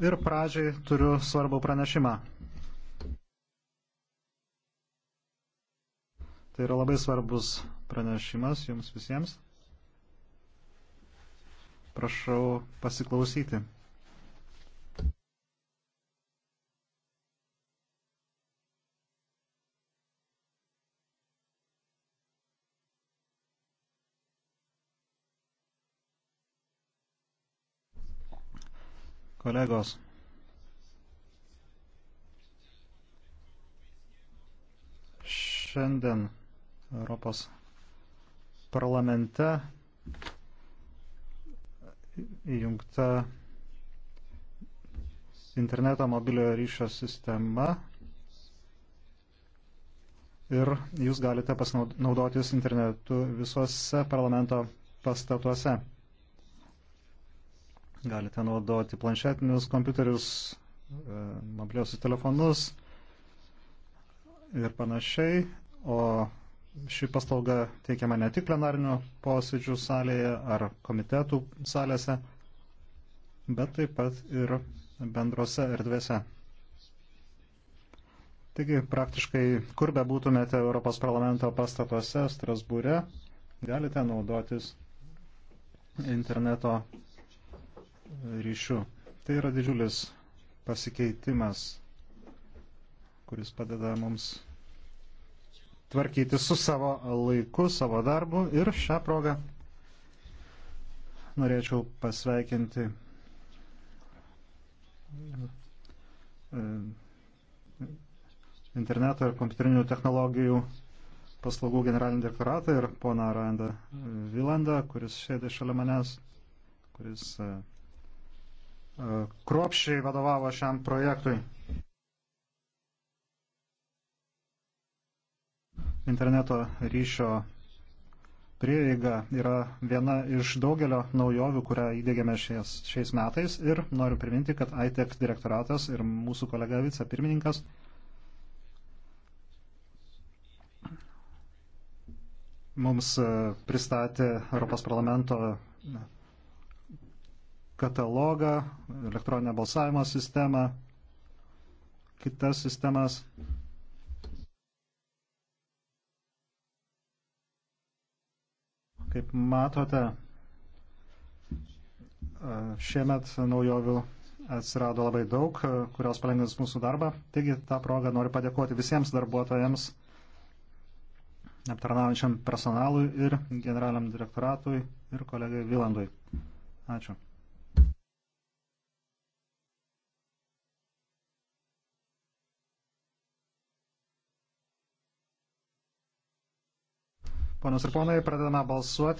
Ir pradžiai turiu svarbų pranešimą. Tai yra labai svarbus pranešimas jums visiems. Prašau pasiklausyti. Kolegos. Šiandien Europos parlamente įjungta interneto mobiliojo ryšio sistema ir jūs galite pasinaudotis internetu visuose parlamento pastatuose. Galite naudoti planšetinius kompiuterius, e, mobiliosius telefonus ir panašiai. O ši paslauga teikiama ne tik plenarinio posėdžių salėje ar komitetų salėse, bet taip pat ir bendrose erdvėse. Taigi praktiškai, kur be būtumėte Europos parlamento pastatuose, Strasbūre, galite naudotis interneto ryšiu. Tai yra didžiulis pasikeitimas, kuris padeda mums tvarkyti su savo laiku, savo darbu ir šią progą norėčiau pasveikinti e, interneto ir kompiuterinių technologijų paslaugų generalinį direktoratą ir poną Randą Vilandą, kuris sėdė šalia manęs, kuris e, kruopšiai vadovavo šiam projektui. Interneto ryšio prieiga yra viena iš daugelio naujovių, kurią įdėgėme šiais, šiais metais ir noriu priminti, kad ITEX direktoratas ir mūsų kolega vicepirmininkas mums pristatė Europos parlamento katalogą, elektroninę balsavimo sistemą, kitas sistemas. Kaip matote, šiemet naujovių atsirado labai daug, kurios palengvins mūsų darbą. Taigi tą progą noriu padėkoti visiems darbuotojams, aptarnaujančiam personalui ir generaliniam direktoratui ir kolegai Vilandui. Ačiū. Ponas ir ponai, pradedame balsuoti.